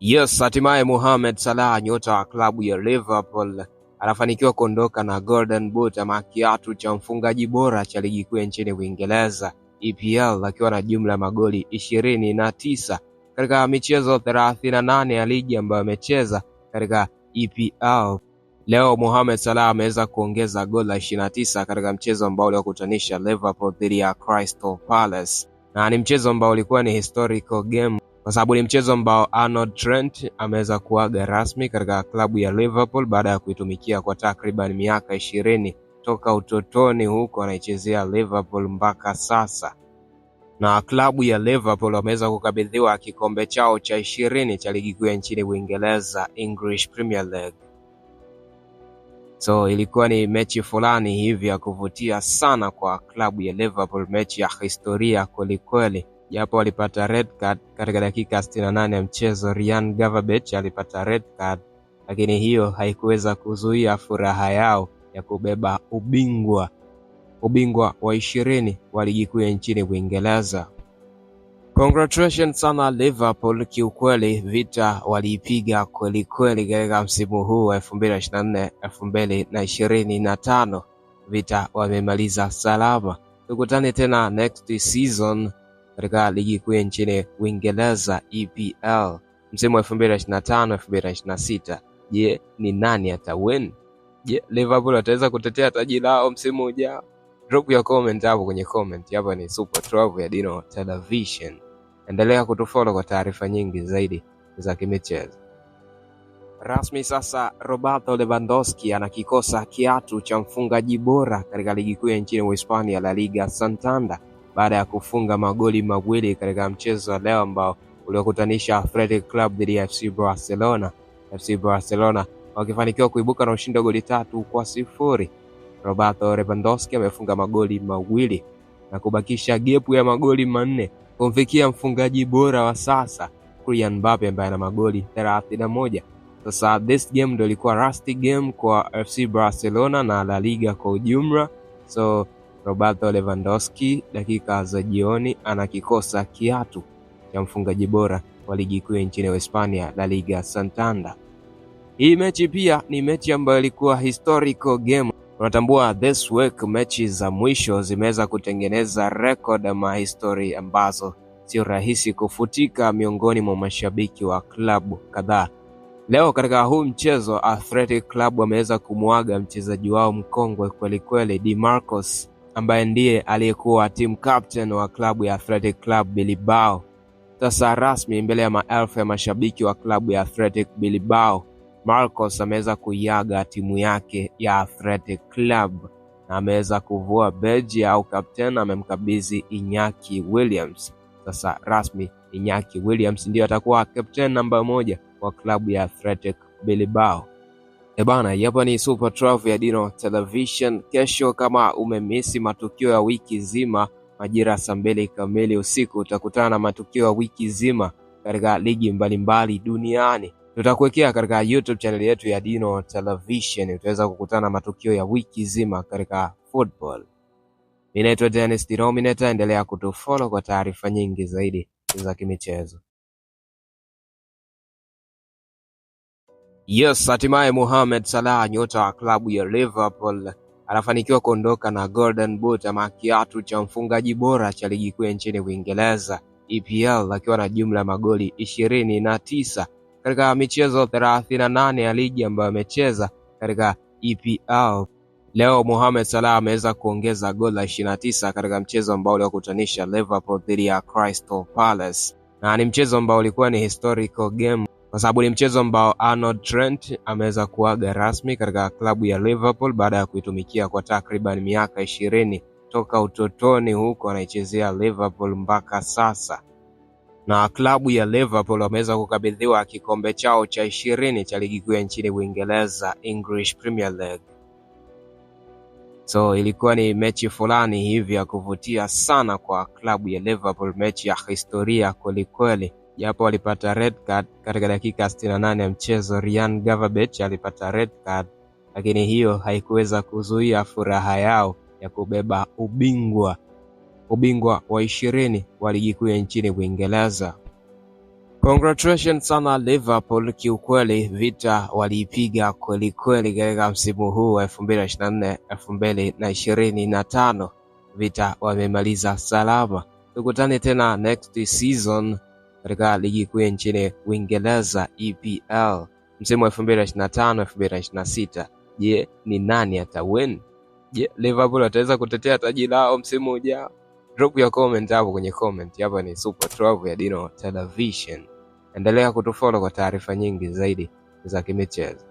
Yes, hatimaye Mohamed Salah nyota wa klabu ya Liverpool anafanikiwa kuondoka na Golden Boot ama kiatu cha mfungaji bora cha ligi kuu nchini Uingereza EPL akiwa na jumla ya magoli 29 katika michezo 38 ya ligi ambayo amecheza katika EPL. Leo Mohamed Salah ameweza kuongeza goli la 29 katika mchezo ambao uliokutanisha Liverpool dhidi ya Crystal Palace na ni mchezo ambao ulikuwa ni historical game kwa sababu ni mchezo ambao Arnold Trent ameweza kuaga rasmi katika klabu ya Liverpool baada ya kuitumikia kwa takriban miaka ishirini toka utotoni huko anaichezea Liverpool mpaka sasa, na klabu ya Liverpool wameweza kukabidhiwa kikombe chao cha ishirini cha ligi kuu ya nchini Uingereza, English Premier League. So ilikuwa ni mechi fulani hivi ya kuvutia sana kwa klabu ya Liverpool, mechi ya historia kwelikweli japo alipata red card katika dakika 68 ya mchezo. Rian Gavabech alipata red card, lakini hiyo haikuweza kuzuia furaha yao ya kubeba ubingwa ubingwa wa ishirini wa ligi kuu ya nchini Uingereza. Congratulations sana Liverpool, kiukweli vita waliipiga kweli kweli katika msimu huu wa 2024 2025, vita wamemaliza salama. Tukutane tena next season katika ligi kuu nchini Uingereza EPL msimu wa 2025 2026. Je, ni nani atawin? Je, Liverpool wataweza kutetea taji lao msimu ujao? Drop your comment hapo kwenye comment. Hapa ni Super ya Dino Television. Endelea kutufollow kwa taarifa nyingi zaidi za kimichezo. Rasmi sasa Roberto Lewandowski anakikosa kiatu cha mfungaji bora katika ligi kuu ya nchini Uhispania La Liga Santander baada ya kufunga magoli mawili katika mchezo wa leo ambao uliokutanisha Athletic Club dhidi ya FC Barcelona, FC Barcelona wakifanikiwa kuibuka na ushindi wa goli tatu kwa sifuri. Roberto Lewandowski amefunga magoli mawili na kubakisha gepu ya magoli manne kumfikia mfungaji bora wa sasa Kylian Mbappe ambaye ana magoli 31. Sasa this game ndio ilikuwa rusty game kwa FC Barcelona na La Liga kwa ujumla so roberto lewandowski dakika za jioni anakikosa kiatu cha mfungaji bora wa ligi kuu nchini Hispania, la liga santander hii mechi pia ni mechi ambayo ilikuwa historical game unatambua this week mechi za mwisho zimeweza kutengeneza record ama history ambazo sio rahisi kufutika miongoni mwa mashabiki wa klabu kadhaa Leo katika huu mchezo Athletic Club wameweza kumwaga mchezaji wao mkongwe kwelikweli Di Marcos ambaye ndiye aliyekuwa team captain wa klabu ya Athletic Club Bilbao. Sasa rasmi mbele ya maelfu ya mashabiki wa klabu ya Athletic Bilbao, Marcos ameweza kuiaga timu yake ya Athletic Club na ameweza kuvua beji au captain, amemkabidhi Inyaki Williams. Sasa rasmi Inyaki Williams ndiyo atakuwa captain namba moja wa klabu ya Athletic Bilbao. Eh bana, hapa ni Super Trav ya Dino Television. Kesho kama umemisi matukio ya wiki zima, majira saa mbili kamili usiku utakutana na matukio ya wiki zima katika ligi mbalimbali mbali duniani. Tutakuwekea katika YouTube channel yetu ya Dino Television, utaweza kukutana na matukio ya wiki zima katika football. Mimi naitwa Dennis Dinominator, endelea kutufollow kwa taarifa nyingi zaidi za kimichezo. Yes, hatimaye Mohamed Salah nyota wa klabu ya Liverpool anafanikiwa kuondoka na Golden Boot ama kiatu cha mfungaji bora cha ligi kuu nchini Uingereza EPL akiwa na jumla ya magoli 29 katika michezo 38 ya ligi ambayo amecheza katika EPL. Leo Mohamed Salah ameweza kuongeza goli la 29 katika mchezo ambao uliokutanisha Liverpool dhidi ya Crystal Palace, na ni mchezo ambao ulikuwa ni historical game kwa sababu ni mchezo ambao Arnold Trent ameweza kuaga rasmi katika klabu ya Liverpool baada ya kuitumikia kwa takriban miaka ishirini toka utotoni huko anaichezea Liverpool mpaka sasa, na klabu ya Liverpool wameweza kukabidhiwa kikombe chao cha ishirini cha ligi kuu ya nchini Uingereza, English Premier League. So ilikuwa ni mechi fulani hivi ya kuvutia sana kwa klabu ya Liverpool, mechi ya historia kwelikweli japo walipata red card katika dakika 68 ya mchezo. Ryan Gavabech alipata red card, lakini hiyo haikuweza kuzuia furaha yao ya kubeba ubingwa ubingwa wa ishirini wa ligi kuu ya nchini Uingereza. Congratulations sana Liverpool, kiukweli vita waliipiga kwelikweli katika msimu huu wa 2024 2025, vita wamemaliza salama. Tukutane tena next season katika ligi kuu nchini Uingereza EPL msimu wa 2025 2026. Je, ni nani atawin? Je, Liverpool ataweza kutetea taji lao msimu ujao? Drop your comment hapo kwenye comment. Hapa ni Super 12 ya Dino Television. Endelea kutufollow kwa taarifa nyingi zaidi za kimichezo.